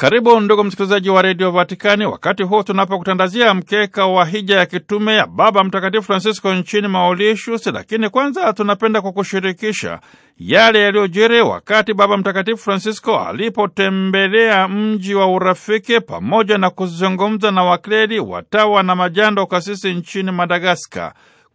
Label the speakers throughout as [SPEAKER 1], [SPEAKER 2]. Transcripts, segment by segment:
[SPEAKER 1] Karibu ndugu msikilizaji wa redio Vatikani, wakati huu tunapokutandazia mkeka wa hija ya kitume ya Baba Mtakatifu Francisco nchini Mauritius. Lakini kwanza tunapenda kukushirikisha yale yaliyojiri wakati Baba Mtakatifu Francisco alipotembelea mji wa Urafiki pamoja na kuzungumza na wakleli, watawa na majando kasisi nchini Madagaskar.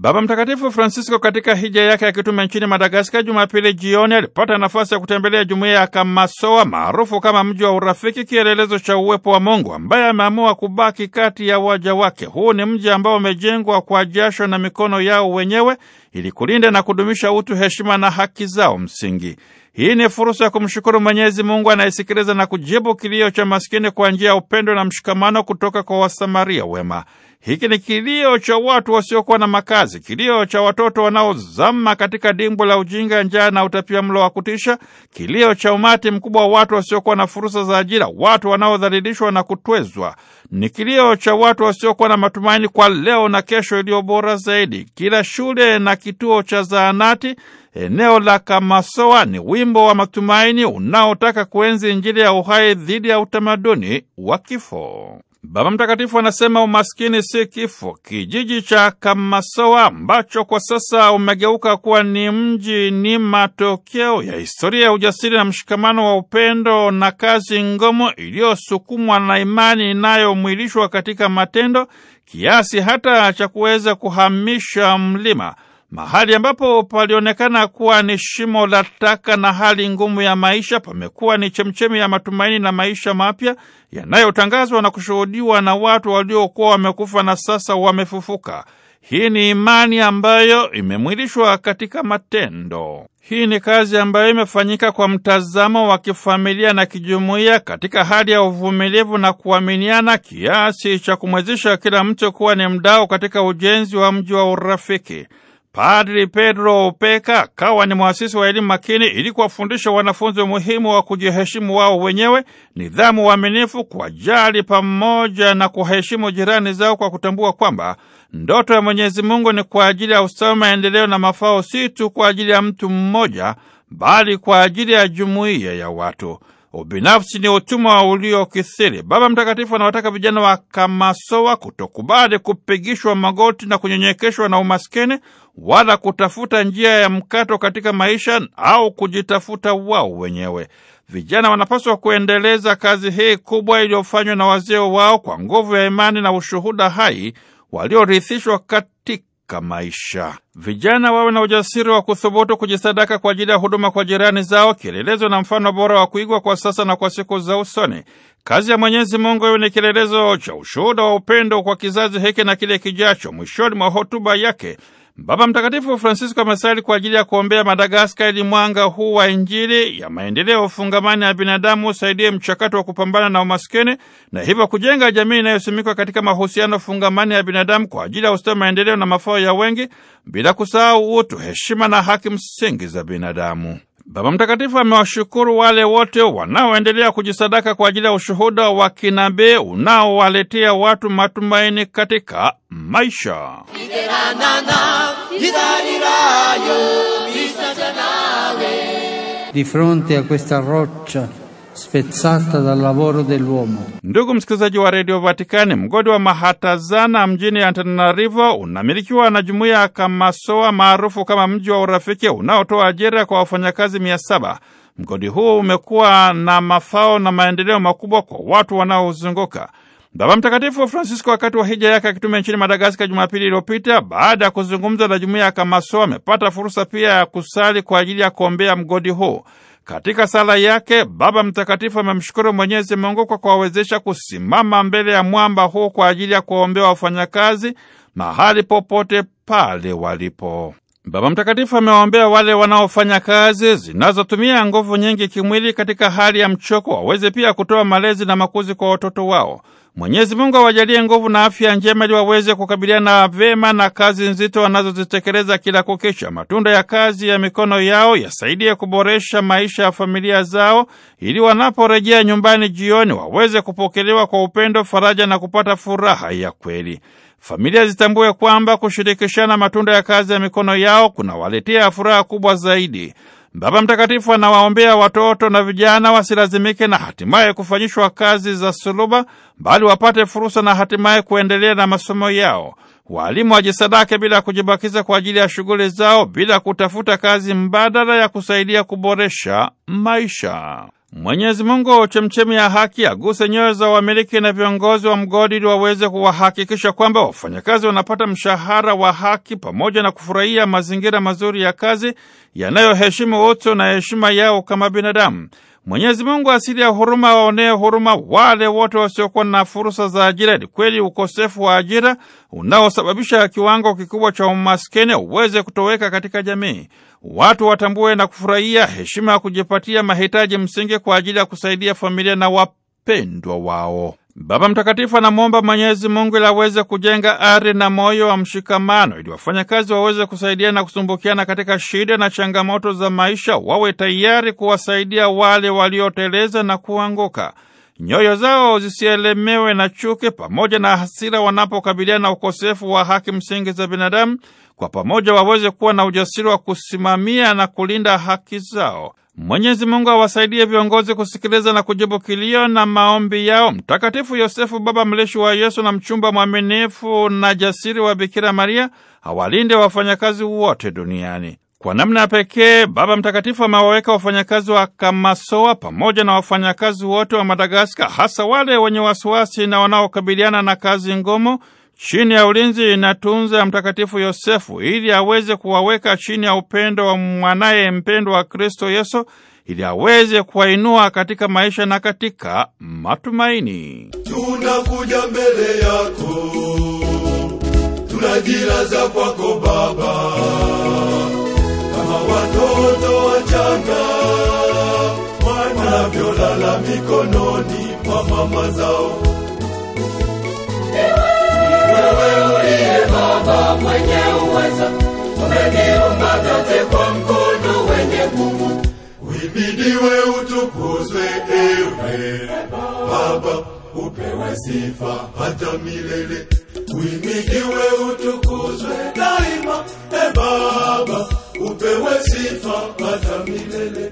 [SPEAKER 1] Baba Mtakatifu Francisco katika hija yake ya kitume nchini Madagaskar Jumapili jioni alipata nafasi ya kutembelea jumuiya ya Kamasoa maarufu kama mji wa urafiki, kielelezo cha uwepo wa Mungu ambaye ameamua kubaki kati ya waja wake. Huu ni mji ambao umejengwa kwa jasho na mikono yao wenyewe ili kulinda na kudumisha utu, heshima na haki zao msingi. Hii ni fursa ya kumshukuru Mwenyezi Mungu anayesikiliza na kujibu kilio cha maskini kwa njia ya upendo na mshikamano kutoka kwa Wasamaria wema. Hiki ni kilio cha watu wasiokuwa na makazi, kilio cha watoto wanaozama katika dimbo la ujinga, njaa na utapia mlo wa kutisha, kilio cha umati mkubwa wa watu wasiokuwa na fursa za ajira, watu wanaodhalilishwa na kutwezwa. Ni kilio cha watu wasiokuwa na matumaini kwa leo na kesho iliyo bora zaidi. Kila shule na kituo cha zahanati eneo la Kamasoa ni wimbo wa matumaini unaotaka kuenzi Injili ya uhai dhidi ya utamaduni wa kifo. Baba Mtakatifu anasema umaskini si kifo. Kijiji cha Kamasoa ambacho kwa sasa umegeuka kuwa ni mji ni matokeo ya historia ya ujasiri na mshikamano wa upendo na kazi ngomo iliyosukumwa na imani inayomwilishwa katika matendo kiasi hata cha kuweza kuhamisha mlima. Mahali ambapo palionekana kuwa ni shimo la taka na hali ngumu ya maisha, pamekuwa ni chemchemi ya matumaini na maisha mapya yanayotangazwa na kushuhudiwa na watu waliokuwa wamekufa na sasa wamefufuka. Hii ni imani ambayo imemwilishwa katika matendo. Hii ni kazi ambayo imefanyika kwa mtazamo wa kifamilia na kijumuiya katika hali ya uvumilivu na kuaminiana kiasi cha kumwezesha kila mtu kuwa ni mdau katika ujenzi wa mji wa urafiki. Padri Pedro Opeka kawa ni mwasisi wa elimu makini ili kuwafundisha wanafunzi umuhimu wa kujiheshimu wao wenyewe, nidhamu, uaminifu, kuwajali pamoja na kuheshimu jirani zao, kwa kutambua kwamba ndoto ya Mwenyezi Mungu ni kwa ajili ya ustawi, maendeleo na mafao, si tu kwa ajili ya mtu mmoja, bali kwa ajili ya jumuiya ya watu. Ubinafsi ni utumwa uliokithiri. Baba Mtakatifu anawataka vijana Kamasowa kutokubali kupigishwa magoti na kunyenyekeshwa na umaskini, wala kutafuta njia ya mkato katika maisha au kujitafuta wao wenyewe. Vijana wanapaswa kuendeleza kazi hii kubwa iliyofanywa na wazee wao kwa nguvu ya imani na ushuhuda hai waliorithishwa kati katika maisha. Vijana wawe na ujasiri wa kuthubutu kujisadaka kwa ajili ya huduma kwa jirani zao, kielelezo na mfano bora wa kuigwa kwa sasa na kwa siku za usoni. Kazi ya Mwenyezi Mungu iwe ni kielelezo cha ushuhuda wa upendo kwa kizazi hiki na kile kijacho. Mwishoni mwa hotuba yake Baba Mtakatifu Francisco amesali kwa ajili ya kuombea Madagaska ili mwanga huu wa Injili ya maendeleo ufungamani ya binadamu usaidie mchakato wa kupambana na umaskini na hivyo kujenga jamii inayosimikwa katika mahusiano fungamani ya binadamu kwa ajili ya ustawi, maendeleo na mafao ya wengi, bila kusahau utu, heshima na haki msingi za binadamu. Baba Mtakatifu amewashukuru wale wote wanaoendelea kujisadaka kwa ajili ya ushuhuda wa kinabii unaowaletea watu matumaini katika maisha. Di fronte a questa roccia spezzata dal lavoro dell'uomo. Ndugu msikilizaji wa redio Vatikani, mgodi wa Mahatazana mjini Antananarivo unamilikiwa na jumuiya ya Kamasoa maarufu kama mji wa urafiki unaotoa ajira kwa wafanyakazi mia saba. Mgodi huu umekuwa na mafao na maendeleo makubwa kwa watu wanaozunguka. Baba Mtakatifu Francisco wakati wa hija yake akitumia nchini Madagaskar Jumapili iliyopita, baada ya kuzungumza na jumuiya ya Kamasoi, amepata fursa pia ya kusali kwa ajili ya kuombea mgodi huu. Katika sala yake, Baba Mtakatifu amemshukuru Mwenyezi Mungu kwa kuwawezesha kusimama mbele ya mwamba huu kwa ajili ya kuwaombea wafanyakazi mahali popote pale walipo. Baba Mtakatifu amewaombea wale wanaofanya kazi zinazotumia nguvu nyingi kimwili katika hali ya mchoko, waweze pia kutoa malezi na makuzi kwa watoto wao. Mwenyezi Mungu awajalie nguvu na afya njema ili waweze kukabiliana vema na kazi nzito wanazozitekeleza kila kukicha. Matunda ya kazi ya mikono yao yasaidie kuboresha maisha ya familia zao, ili wanaporejea nyumbani jioni waweze kupokelewa kwa upendo, faraja na kupata furaha ya kweli familia zitambue kwamba kushirikishana matunda ya kazi ya mikono yao kunawaletea furaha kubwa zaidi. Baba Mtakatifu anawaombea watoto na vijana wasilazimike na hatimaye kufanyishwa kazi za suluba, bali wapate fursa na hatimaye kuendelea na masomo yao. Waalimu wajisadake bila kujibakiza kwa ajili ya shughuli zao, bila kutafuta kazi mbadala ya kusaidia kuboresha maisha. Mwenyezi Mungu chemchemi ya haki aguse nyoyo za wamiliki na viongozi wa mgodi ili waweze kuwahakikisha kwamba wafanyakazi wanapata mshahara wa haki pamoja na kufurahia mazingira mazuri ya kazi yanayoheshimu utu na heshima yao kama binadamu. Mwenyezi Mungu asili ya huruma waonee huruma wale wote wasiokuwa na fursa za ajira. Ni kweli ukosefu wa ajira unaosababisha kiwango kikubwa cha umaskini uweze kutoweka katika jamii. Watu watambue na kufurahia heshima ya kujipatia mahitaji msingi kwa ajili ya kusaidia familia na wapendwa wao. Baba Mtakatifu anamwomba Mwenyezi Mungu ili aweze kujenga ari na moyo wa mshikamano, ili wafanyakazi waweze kusaidia na kusumbukiana katika shida na changamoto za maisha, wawe tayari kuwasaidia wale walioteleza na kuanguka, nyoyo zao zisielemewe na chuki pamoja na hasira wanapokabiliana na ukosefu wa haki msingi za binadamu. Kwa pamoja waweze kuwa na ujasiri wa kusimamia na kulinda haki zao. Mwenyezi Mungu awasaidie viongozi kusikiliza na kujibu kilio na maombi yao. Mtakatifu Yosefu, baba mleshi wa Yesu na mchumba mwaminifu na jasiri wa Bikira Maria, awalinde wafanyakazi wote duniani. Kwa namna pekee Baba Mtakatifu amewaweka wafanyakazi wa Kamasoa pamoja na wafanyakazi wote wa Madagaska, hasa wale wenye wasiwasi na wanaokabiliana na kazi ngumu chini ya ulinzi inatunza Mtakatifu Yosefu ili aweze kuwaweka chini ya upendo wa mwanaye mpendwa wa Kristo Yesu ili aweze kuwainua katika maisha na katika matumaini. Tunakuja mbele yako, tunajilaza kwako Baba, kama watoto wachanga wanavyolala mikononi mwa mama
[SPEAKER 2] zao. uliye Baba mwenye uweza, umeniumba vyote kwa mkono wenye nguvu.
[SPEAKER 1] Uhimidiwe, utukuzwe ewe Baba, upewe sifa hata milele. Uhimidiwe, utukuzwe daima, e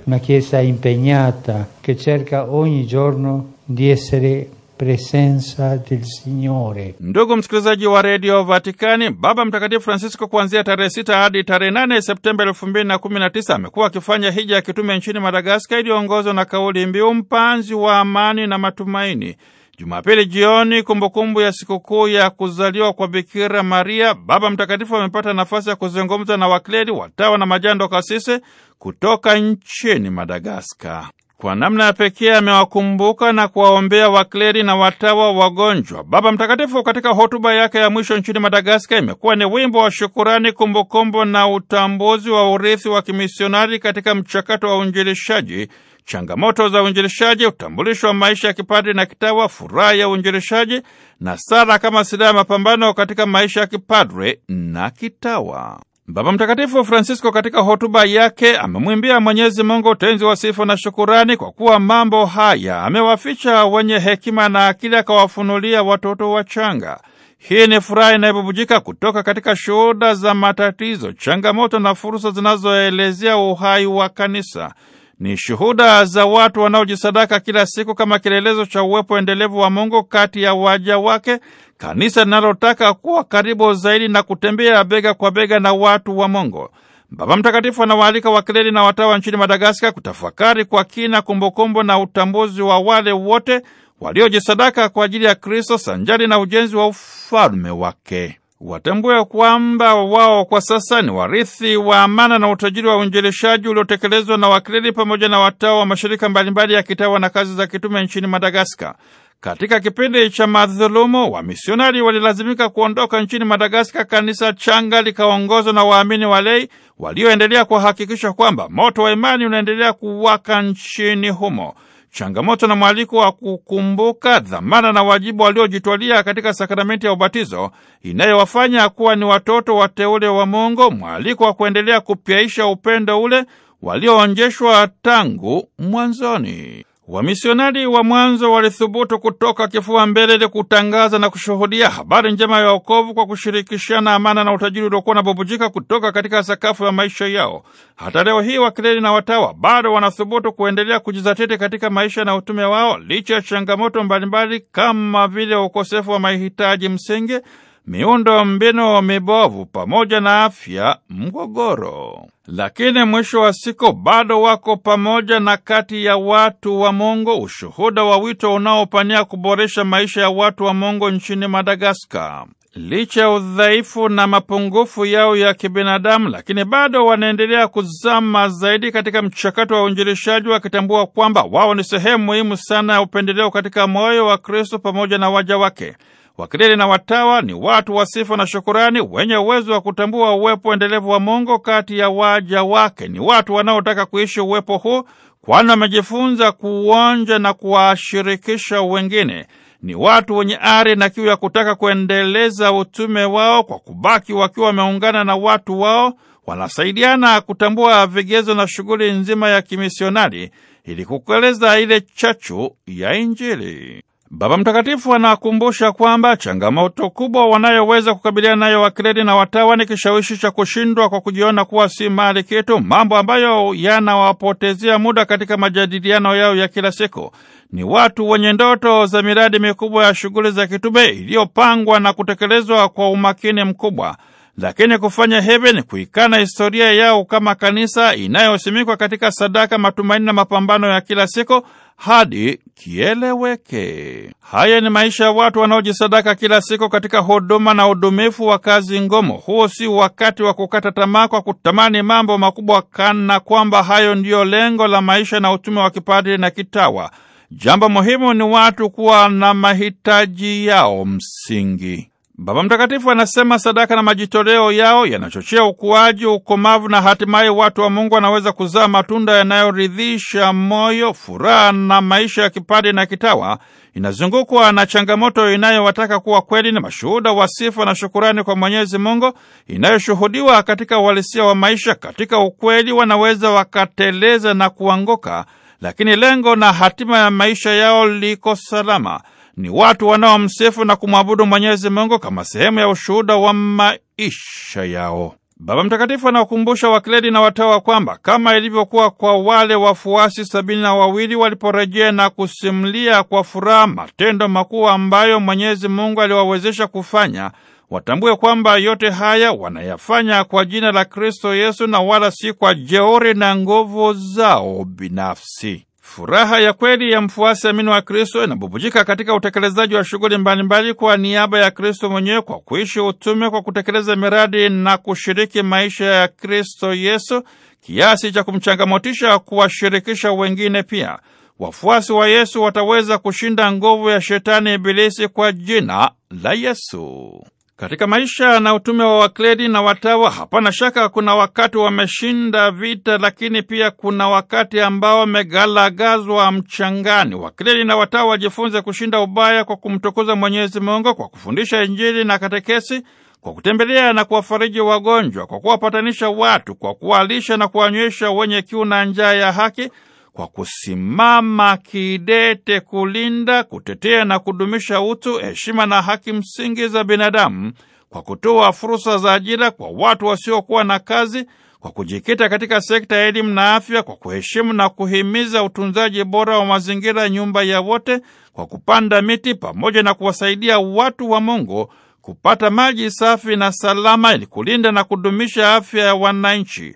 [SPEAKER 2] Una Chiesa impegnata che cerca ogni giorno di essere presenza del Signore.
[SPEAKER 1] Ndugu msikilizaji wa redio Vatikani, Baba Mtakatifu Francisco kuanzia tarehe sita hadi tarehe nane Septemba elfu mbili na kumi na tisa amekuwa akifanya hija ya kitume nchini Madagaskar iliyoongozwa na kauli mbiu mpanzi wa amani na matumaini. Jumapili jioni, kumbukumbu ya sikukuu ya kuzaliwa kwa Bikira Maria, Baba Mtakatifu amepata nafasi ya kuzungumza na wakleri, watawa na majando kasisi kutoka nchini Madagaskar. Kwa namna ya pekee amewakumbuka na kuwaombea wakleri na watawa wagonjwa. Baba Mtakatifu katika hotuba yake ya mwisho nchini Madagaskar imekuwa ni wimbo wa shukurani, kumbukumbu na utambuzi wa urithi wa kimisionari katika mchakato wa uinjilishaji, changamoto za uinjilishaji, utambulisho wa maisha ya kipadri na kitawa, furaha ya uinjilishaji na sala kama silaha ya mapambano katika maisha ya kipadri na kitawa. Baba Mtakatifu Francisco katika hotuba yake amemwimbia Mwenyezi Mungu utenzi wa sifa na shukurani kwa kuwa mambo haya amewaficha wenye hekima na akili, akawafunulia watoto wachanga. Hii ni furaha inayobubujika kutoka katika shuhuda za matatizo, changamoto na fursa zinazoelezea uhai wa kanisa ni shuhuda za watu wanaojisadaka kila siku kama kielelezo cha uwepo endelevu wa Mungu kati ya waja wake, kanisa linalotaka kuwa karibu zaidi na kutembea bega kwa bega na watu wa Mungu. Baba Mtakatifu anawaalika wakileli na watawa nchini Madagaskar kutafakari kwa kina kumbukumbu na utambuzi wa wale wote waliojisadaka kwa ajili ya Kristo sanjari na ujenzi wa ufalme wake watambue kwamba wao kwa sasa ni warithi wa amana na utajiri wa uinjilishaji uliotekelezwa na wakleri pamoja na watawa wa mashirika mbalimbali ya kitawa na kazi za kitume nchini Madagaskar. Katika kipindi cha madhulumu wamisionari walilazimika kuondoka nchini madagaskar Kanisa changa likaongozwa na waamini walei walioendelea kuhakikisha kwamba moto wa imani unaendelea kuwaka nchini humo changamoto na mwaliko wa kukumbuka dhamana na wajibu waliojitwalia katika sakramenti ya ubatizo inayowafanya kuwa ni watoto wateule wa Mungu, mwaliko wa kuendelea kupyaisha upendo ule walioonjeshwa tangu mwanzoni. Wamisionari wa mwanzo walithubutu kutoka kifua mbele ili kutangaza na kushuhudia habari njema ya wokovu kwa kushirikishana amana na utajiri uliokuwa unabubujika kutoka katika sakafu ya maisha yao. Hata leo hii wakileli na watawa bado wanathubutu kuendelea kujizatiti katika maisha na utume wao licha ya changamoto mbalimbali kama vile ukosefu wa mahitaji msingi miundo mbinu mibovu pamoja na afya mgogoro. Lakini mwisho wa siku bado wako pamoja na kati ya watu wa mungu ushuhuda wa wito unaopania kuboresha maisha ya watu wa mungu nchini Madagaskar. Licha ya udhaifu na mapungufu yao ya kibinadamu, lakini bado wanaendelea kuzama zaidi katika mchakato wa uinjilishaji, wakitambua kwamba wao ni sehemu muhimu sana ya upendeleo katika moyo wa Kristo pamoja na waja wake. Wakilili na watawa ni watu wa sifa na shukurani, wenye uwezo wa kutambua uwepo endelevu wa Mungu kati ya waja wake. Ni watu wanaotaka kuishi uwepo huu, kwani wamejifunza kuuonja na kuwashirikisha wengine. Ni watu wenye ari na kiu ya kutaka kuendeleza utume wao kwa kubaki wakiwa wameungana na watu wao, wanasaidiana kutambua vigezo na shughuli nzima ya kimisionari ili kukueleza ile chachu ya Injili. Baba Mtakatifu anakumbusha kwamba changamoto kubwa wanayoweza kukabiliana nayo wakredi na watawa ni kishawishi cha kushindwa kwa kujiona kuwa si mali kitu, mambo ambayo yanawapotezea muda katika majadiliano yao ya kila siku. Ni watu wenye ndoto za miradi mikubwa ya shughuli za kitume iliyopangwa na kutekelezwa kwa umakini mkubwa lakini kufanya hivi ni kuikana historia yao kama kanisa inayosimikwa katika sadaka, matumaini na mapambano ya kila siku hadi kieleweke. Haya ni maisha ya watu wanaojisadaka kila siku katika huduma na udumifu wa kazi ngumu. Huo si wakati wa kukata tamaa kwa kutamani mambo makubwa, kana kwamba hayo ndiyo lengo la maisha na utume wa kipadri na kitawa. Jambo muhimu ni watu kuwa na mahitaji yao msingi. Baba Mtakatifu anasema sadaka na majitoleo yao yanachochea ukuaji, ukomavu na hatimaye watu wa Mungu wanaweza kuzaa matunda yanayoridhisha moyo. Furaha na maisha ya kipadi na kitawa inazungukwa na changamoto inayowataka kuwa kweli na mashuhuda wa sifa na shukurani kwa Mwenyezi Mungu, inayoshuhudiwa katika uhalisia wa maisha. Katika ukweli, wanaweza wakateleza na kuanguka, lakini lengo na hatima ya maisha yao liko salama ni watu wanaomsifu na kumwabudu Mwenyezi Mungu kama sehemu ya ushuhuda wa maisha yao. Baba Mtakatifu anawakumbusha wakledi na watawa kwamba kama ilivyokuwa kwa wale wafuasi sabini na wawili waliporejea na kusimulia kwa furaha matendo makuu ambayo Mwenyezi Mungu aliwawezesha kufanya, watambue kwamba yote haya wanayafanya kwa jina la Kristo Yesu na wala si kwa jeuri na nguvu zao binafsi. Furaha ya kweli ya mfuasi amini wa Kristo inabubujika katika utekelezaji wa shughuli mbalimbali kwa niaba ya Kristo mwenyewe kwa kuishi utume, kwa kutekeleza miradi na kushiriki maisha ya Kristo Yesu kiasi cha kumchangamotisha kuwashirikisha wengine pia. Wafuasi wa Yesu wataweza kushinda nguvu ya shetani ibilisi kwa jina la Yesu. Katika maisha na utume wa wakledi na watawa, hapana shaka kuna wakati wameshinda vita, lakini pia kuna wakati ambao wamegalagazwa mchangani. Wakledi na watawa wajifunze kushinda ubaya kwa kumtukuza Mwenyezi Mungu, kwa kufundisha Injili na katekesi, kwa kutembelea na kuwafariji wagonjwa, kwa kuwapatanisha watu, kwa kuwalisha na kuwanywesha wenye kiu na njaa ya haki kwa kusimama kidete kulinda, kutetea na kudumisha utu, heshima na haki msingi za binadamu, kwa kutoa fursa za ajira kwa watu wasiokuwa na kazi, kwa kujikita katika sekta ya elimu na afya, kwa kuheshimu na kuhimiza utunzaji bora wa mazingira, nyumba ya wote, kwa kupanda miti pamoja na kuwasaidia watu wa Mungu kupata maji safi na salama ili kulinda na kudumisha afya ya wananchi.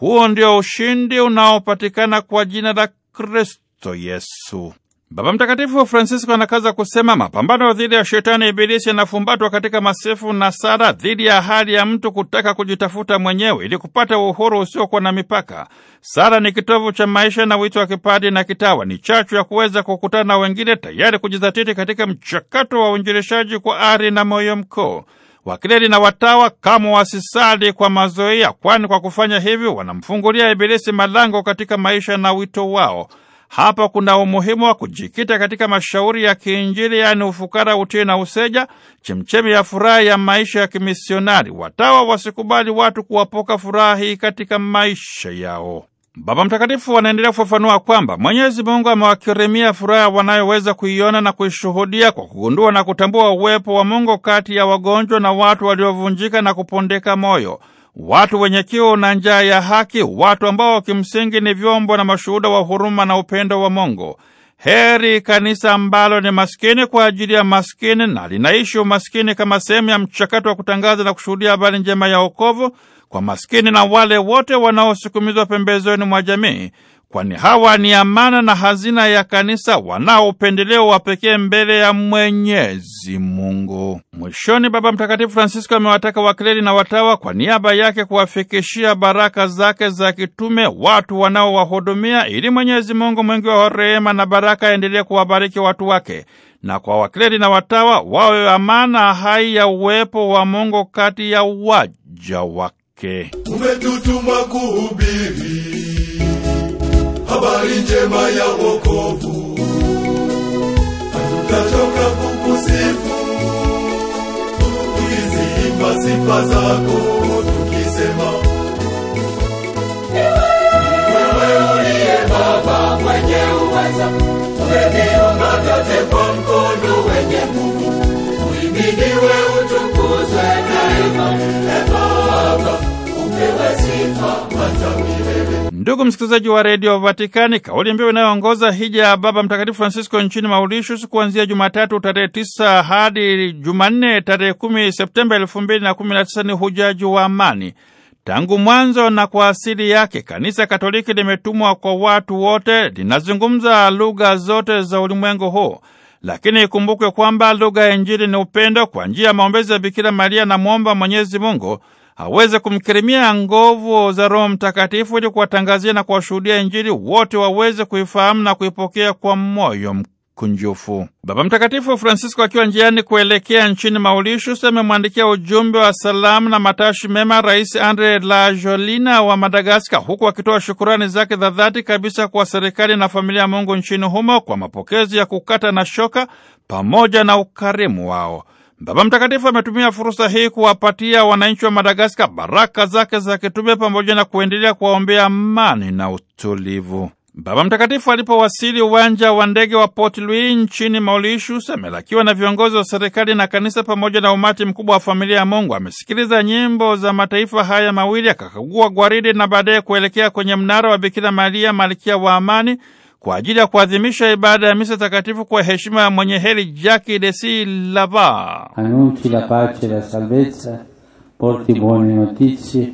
[SPEAKER 1] Huo ndio ushindi unaopatikana kwa jina la Kristo Yesu. Baba Mtakatifu Francisco anakaza kusema mapambano dhidi ya shetani ibilisi yanafumbatwa katika masifu na sala dhidi ya hali ya mtu kutaka kujitafuta mwenyewe ili kupata uhuru usiokuwa na mipaka. Sala ni kitovu cha maisha na wito wa kipadi na kitawa, ni chachu ya kuweza kukutana na wengine, tayari kujizatiti katika mchakato wa uinjilishaji kwa ari na moyo mkuu. Wakleri na watawa kamwe wasisali kwa mazoea, kwani kwa kufanya hivyo wanamfungulia Ibilisi malango katika maisha na wito wao. Hapa kuna umuhimu wa kujikita katika mashauri ya kiinjili, yaani ufukara, utii na useja, chemchemi ya furaha ya maisha ya kimisionari. Watawa wasikubali watu kuwapoka furaha hii katika maisha yao. Baba Mtakatifu wanaendelea kufafanua kwamba Mwenyezi Mungu amewakirimia furaha wanayoweza kuiona na kuishuhudia kwa kugundua na kutambua uwepo wa Mungu kati ya wagonjwa na watu waliovunjika na kupondeka moyo, watu wenye kiu na njaa ya haki, watu ambao kimsingi ni vyombo na mashuhuda wa huruma na upendo wa Mungu. Heri kanisa ambalo ni maskini kwa ajili ya maskini na linaishi umaskini kama sehemu ya mchakato wa kutangaza na kushuhudia habari njema ya wokovu kwa maskini na wale wote wanaosukumizwa pembezoni mwa jamii, kwani hawa ni amana na hazina ya kanisa, wanao upendeleo wa pekee mbele ya Mwenyezi Mungu. Mwishoni, Baba Mtakatifu Francisco amewataka wakleri na watawa kwa niaba yake kuwafikishia baraka zake za kitume watu wanaowahudumia, ili Mwenyezi Mungu mwingi wa rehema na baraka aendelee kuwabariki watu wake na kwa wakleri na watawa wawe amana hai ya uwepo wa Mungu kati ya waja wake wake.
[SPEAKER 2] Umetutumwa kuhubiri
[SPEAKER 1] habari njema ya wokovu, hatutachoka
[SPEAKER 2] kukusifu tukiziimba sifa zako tukisema wewe uliye Baba mwenye uweza, umeviumba vyote kwa mkono
[SPEAKER 1] wenye nguvu, uhimidiwe Ndugu msikilizaji wa redio Vatikani, kauli mbiu inayoongoza hija ya Baba Mtakatifu Francisco nchini Mauritius kuanzia Jumatatu tarehe tisa hadi Jumanne tarehe kumi Septemba elfu mbili na kumi na tisa ni hujaji wa amani. Tangu mwanzo na kwa asili yake, Kanisa Katoliki limetumwa kwa watu wote, linazungumza lugha zote za ulimwengu huu lakini ikumbukwe kwamba lugha ya Injili ni upendo. Kwa njia ya maombezi ya Bikira Maria na mwomba Mwenyezi Mungu aweze kumkirimia nguvu za Roho Mtakatifu ili kuwatangazia na kuwashuhudia Injili, wote waweze kuifahamu na kuipokea kwa moyo mkunjufu. Baba Mtakatifu Francisco akiwa njiani kuelekea nchini Mauritius amemwandikia ujumbe wa salamu na matashi mema Rais Andre Rajoelina wa Madagaskar, huku akitoa shukurani zake za dhati kabisa kwa serikali na familia ya Mungu nchini humo kwa mapokezi ya kukata na shoka pamoja na ukarimu wao. Baba Mtakatifu ametumia fursa hii kuwapatia wananchi wa Madagaska baraka zake za kitume pamoja na kuendelea kuwaombea amani na utulivu. Baba Mtakatifu alipowasili uwanja wa ndege wa Port Louis nchini Mauritius, amelakiwa na viongozi wa serikali na kanisa pamoja na umati mkubwa wa familia ya Mungu. Amesikiliza nyimbo za mataifa haya mawili, akakagua gwaridi na baadaye kuelekea kwenye mnara wa Bikira Maria, malkia wa amani kwa ajili ya kuadhimisha ibada ya misa takatifu kwa heshima ya mwenye heri Jacques
[SPEAKER 2] de Lava. Annunci la pace e la salvezza, porti buone notizie,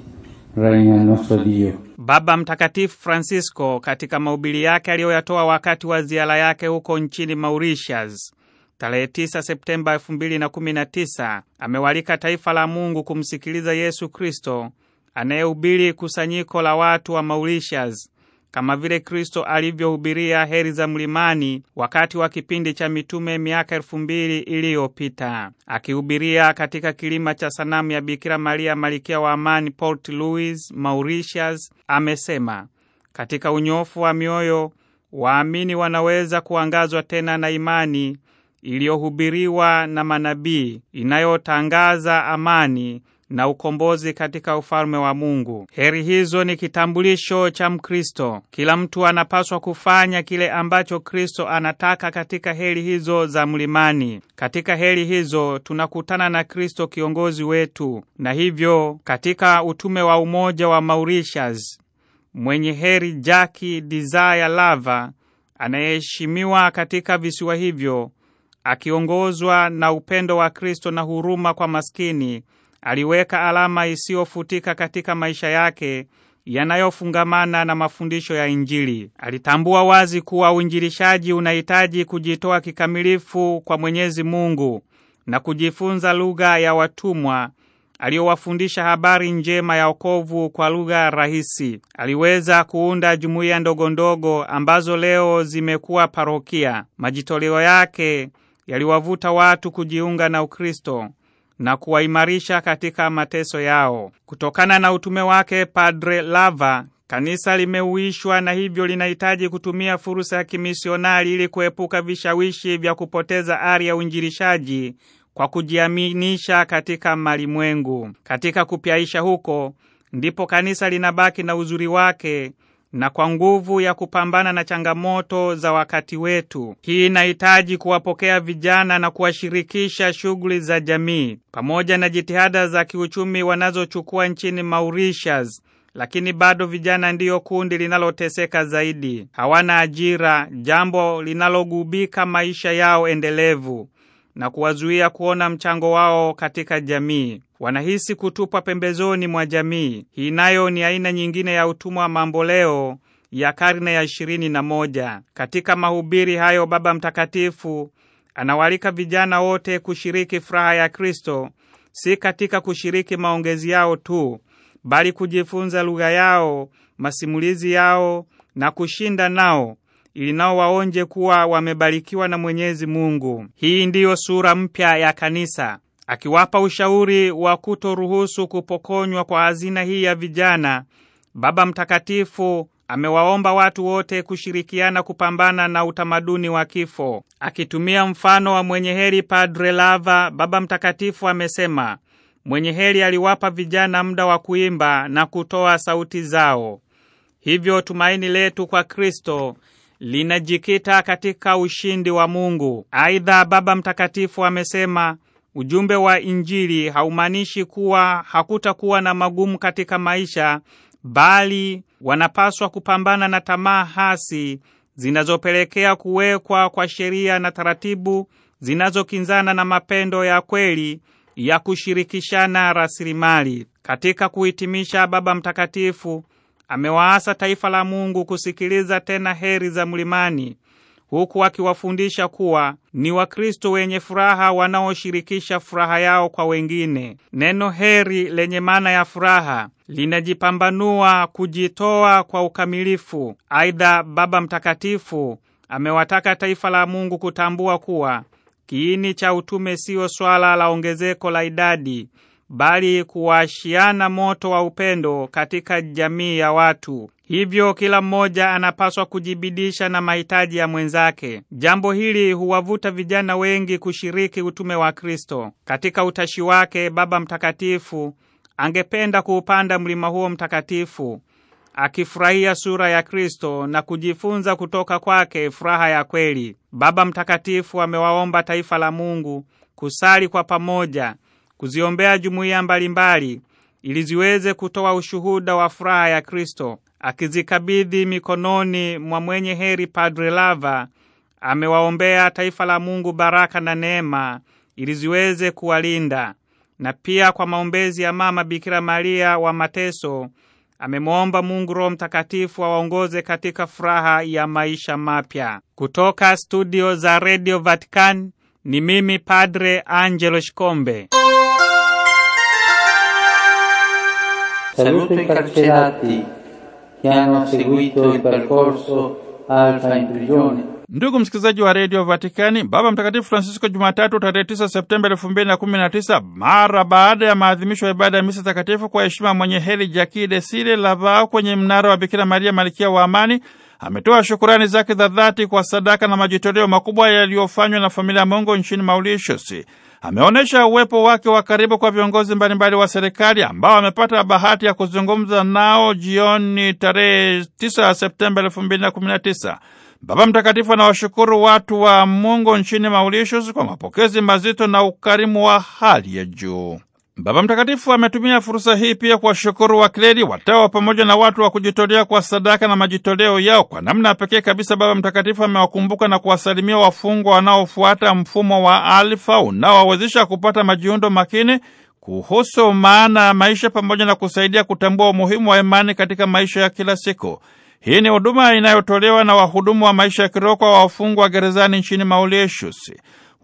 [SPEAKER 2] regna il nostro Dio. Baba Mtakatifu Francisco katika mahubiri yake aliyoyatoa wakati wa ziara yake huko nchini Mauritius tarehe 9 Septemba 2019 amewalika taifa la Mungu kumsikiliza Yesu Kristo anayehubiri kusanyiko la watu wa Mauritius kama vile Kristo alivyohubiria heri za mlimani wakati wa kipindi cha mitume miaka elfu mbili iliyopita, akihubiria katika kilima cha sanamu ya Bikira Maria malikia wa Amani, Port Louis, Mauritius, amesema katika unyofu wa mioyo waamini wanaweza kuangazwa tena na imani iliyohubiriwa na manabii inayotangaza amani na ukombozi katika ufalme wa Mungu. Heri hizo ni kitambulisho cha Mkristo. Kila mtu anapaswa kufanya kile ambacho Kristo anataka katika heri hizo za mlimani. Katika heri hizo tunakutana na Kristo kiongozi wetu, na hivyo katika utume wa umoja wa Mauritius, mwenye heri jaki Desire Lava anayeheshimiwa katika visiwa hivyo akiongozwa na upendo wa Kristo na huruma kwa maskini aliweka alama isiyofutika katika maisha yake yanayofungamana na mafundisho ya Injili. Alitambua wazi kuwa uinjilishaji unahitaji kujitoa kikamilifu kwa Mwenyezi Mungu na kujifunza lugha ya watumwa aliyowafundisha habari njema ya wokovu kwa lugha rahisi. Aliweza kuunda jumuiya ndogondogo ambazo leo zimekuwa parokia. Majitoleo yake yaliwavuta watu kujiunga na Ukristo na kuwaimarisha katika mateso yao. Kutokana na utume wake Padre Lava, kanisa limeuishwa na hivyo linahitaji kutumia fursa ya kimisionari ili kuepuka vishawishi vya kupoteza ari ya uinjirishaji kwa kujiaminisha katika malimwengu. Katika kupyaisha huko ndipo kanisa linabaki na uzuri wake na kwa nguvu ya kupambana na changamoto za wakati wetu. Hii inahitaji kuwapokea vijana na kuwashirikisha shughuli za jamii pamoja na jitihada za kiuchumi wanazochukua nchini Mauritius. Lakini bado vijana ndiyo kundi linaloteseka zaidi. Hawana ajira, jambo linalogubika maisha yao endelevu na kuwazuia kuona mchango wao katika jamii wanahisi kutupwa pembezoni mwa jamii. Hii nayo ni aina nyingine ya utumwa wa mamboleo ya karne ya ishirini na moja. Katika mahubiri hayo, Baba Mtakatifu anawalika vijana wote kushiriki furaha ya Kristo, si katika kushiriki maongezi yao tu, bali kujifunza lugha yao, masimulizi yao na kushinda nao ili nao waonje kuwa wamebarikiwa na Mwenyezi Mungu. Hii ndiyo sura mpya ya kanisa akiwapa ushauri wa kutoruhusu kupokonywa kwa hazina hii ya vijana, Baba Mtakatifu amewaomba watu wote kushirikiana kupambana na utamaduni wa kifo. Akitumia mfano wa mwenye heri Padre Lava, Baba Mtakatifu amesema mwenye heri aliwapa vijana muda wa kuimba na kutoa sauti zao. Hivyo tumaini letu kwa Kristo linajikita katika ushindi wa Mungu. Aidha, Baba Mtakatifu amesema Ujumbe wa Injili haumaanishi kuwa hakutakuwa na magumu katika maisha, bali wanapaswa kupambana na tamaa hasi zinazopelekea kuwekwa kwa sheria na taratibu zinazokinzana na mapendo ya kweli ya kushirikishana rasilimali. Katika kuhitimisha, Baba Mtakatifu amewaasa taifa la Mungu kusikiliza tena heri za mlimani huku akiwafundisha kuwa ni Wakristo wenye furaha wanaoshirikisha furaha yao kwa wengine. Neno heri lenye maana ya furaha linajipambanua kujitoa kwa ukamilifu. Aidha, Baba Mtakatifu amewataka taifa la Mungu kutambua kuwa kiini cha utume siyo swala la ongezeko la idadi bali kuwashiana moto wa upendo katika jamii ya watu. Hivyo kila mmoja anapaswa kujibidisha na mahitaji ya mwenzake. Jambo hili huwavuta vijana wengi kushiriki utume wa Kristo. Katika utashi wake, Baba Mtakatifu angependa kuupanda mlima huo mtakatifu akifurahia sura ya Kristo na kujifunza kutoka kwake furaha ya kweli. Baba Mtakatifu amewaomba taifa la Mungu kusali kwa pamoja kuziombea jumuiya mbalimbali ili ziweze kutoa ushuhuda wa furaha ya Kristo. Akizikabidhi mikononi mwa mwenye heri Padre Lava, amewaombea taifa la Mungu baraka na neema ili ziweze kuwalinda, na pia kwa maombezi ya Mama Bikira Maria wa mateso amemwomba Mungu Roho Mtakatifu awaongoze katika furaha ya maisha mapya. Kutoka studio za redio Vatican ni mimi Padre Angelo Shikombe. Saluto i carcerati che hanno seguito il percorso Alfa in prigione.
[SPEAKER 1] Ndugu msikilizaji wa redio Vatikani, Baba Mtakatifu Francisco Jumatatu tarehe 9 Septemba 2019, mara baada ya maadhimisho ya ibada ya misa takatifu kwa heshima mwenye heri de Desire Lavao kwenye mnara wa Bikira Maria Malkia wa Amani, ametoa shukurani zake za dhati kwa sadaka na majitoleo makubwa yaliyofanywa na familia Mongo nchini Mauritius ameonyesha uwepo wake wa karibu kwa viongozi mbalimbali wa serikali ambao amepata bahati ya kuzungumza nao jioni tarehe 9 Septemba 2019. Baba Mtakatifu anawashukuru watu wa Mungu nchini Mauritius kwa mapokezi mazito na ukarimu wa hali ya juu. Baba Mtakatifu ametumia fursa hii pia kuwashukuru wakleri, watawa pamoja na watu wa kujitolea kwa sadaka na majitoleo yao. Kwa namna pekee kabisa, Baba Mtakatifu amewakumbuka na kuwasalimia wafungwa wanaofuata mfumo wa Alfa unaowawezesha kupata majiundo makini kuhusu maana ya maisha pamoja na kusaidia kutambua umuhimu wa imani katika maisha ya kila siku. Hii ni huduma inayotolewa na wahudumu wa maisha ya kiroho kwa wafungwa gerezani nchini Mauritius.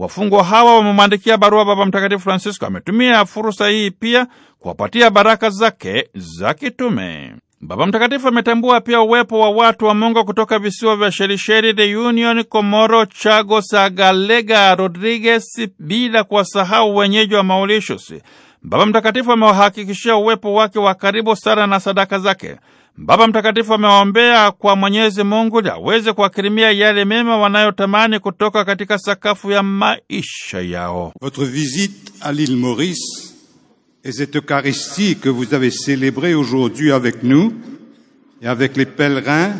[SPEAKER 1] Wafungwa hawa wamemwandikia barua Baba Mtakatifu Francisco. Ametumia fursa hii pia kuwapatia baraka zake za kitume. Baba Mtakatifu ametambua pia uwepo wa watu wa Mungu kutoka visiwa vya Shelisheli, union Komoro, Chagos, Agalega, Rodriguez, bila kuwasahau wenyeji wa Mauritius. Baba Mtakatifu amewahakikishia uwepo wake wa karibu sana na sadaka zake. Baba Mtakatifu amewaombea kwa Mwenyezi Mungu ili aweze kuwakirimia yale mema wanayotamani kutoka katika sakafu ya maisha yao. Votre visite à l'île Maurice et cette Eucharistie que vous avez célébrée aujourd'hui avec nous et avec les pèlerins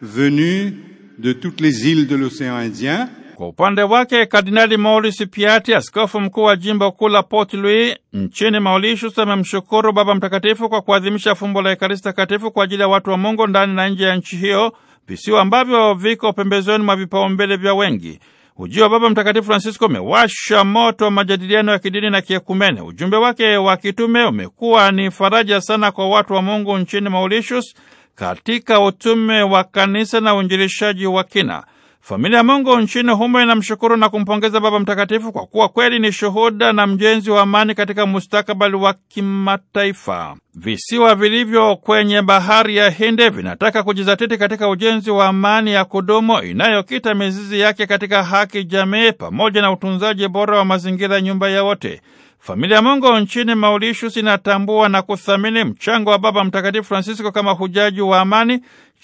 [SPEAKER 1] venus de toutes les îles de l'océan Indien Kwa upande wake Kardinali Maurice Piatti, askofu mkuu wa jimbo kuu la Port Louis nchini Mauritius, amemshukuru Baba Mtakatifu kwa kuadhimisha fumbo la Ekaristi Takatifu kwa ajili ya watu wa Mungu ndani na nje ya nchi hiyo, visiwa ambavyo viko pembezoni mwa vipaumbele vya wengi. Ujio wa Baba Mtakatifu Francisco umewasha moto majadiliano ya kidini na kiekumene. Ujumbe wake wa kitume umekuwa ni faraja sana kwa watu wa Mungu nchini Mauritius katika utume wa kanisa na uinjilishaji wa kina. Familia ya Mungu nchini humo inamshukuru na kumpongeza Baba Mtakatifu kwa kuwa kweli ni shuhuda na mjenzi wa amani katika mustakabali wa kimataifa. Visiwa vilivyo kwenye bahari ya Hindi vinataka kujizatiti katika ujenzi wa amani ya kudumu inayokita mizizi yake katika haki, jamii pamoja na utunzaji bora wa mazingira, nyumba ya wote. Familia Mungu nchini Mauritius inatambua na kuthamini mchango wa Baba Mtakatifu Francisco kama hujaji wa amani,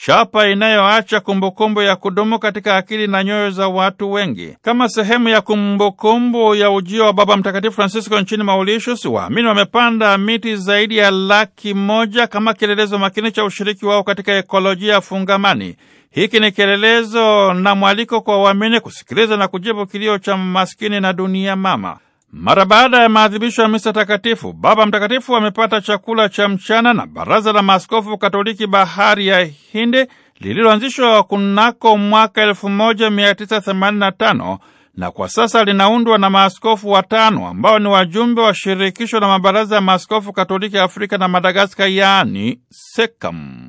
[SPEAKER 1] chapa inayoacha kumbukumbu ya kudumu katika akili na nyoyo za watu wengi. Kama sehemu ya kumbukumbu ya ujio wa Baba Mtakatifu Francisco nchini Mauritius, waamini wamepanda miti zaidi ya laki moja kama kielelezo makini cha ushiriki wao katika ekolojia fungamani. Hiki ni kielelezo na mwaliko kwa waamini kusikiliza na kujibu kilio cha maskini na dunia mama. Mara baada ya maadhimisho ya misa takatifu, Baba Mtakatifu amepata chakula cha mchana na Baraza la Maaskofu Katoliki Bahari ya Hindi lililoanzishwa kunako mwaka 1985 na kwa sasa linaundwa na maaskofu watano ambao ni wajumbe wa shirikisho la mabaraza ya maaskofu Katoliki Afrika na Madagaskar, yaani SEKAM.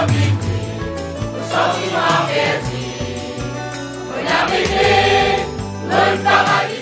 [SPEAKER 2] We are tí máa fẹ́ tì í ònyamigbe ló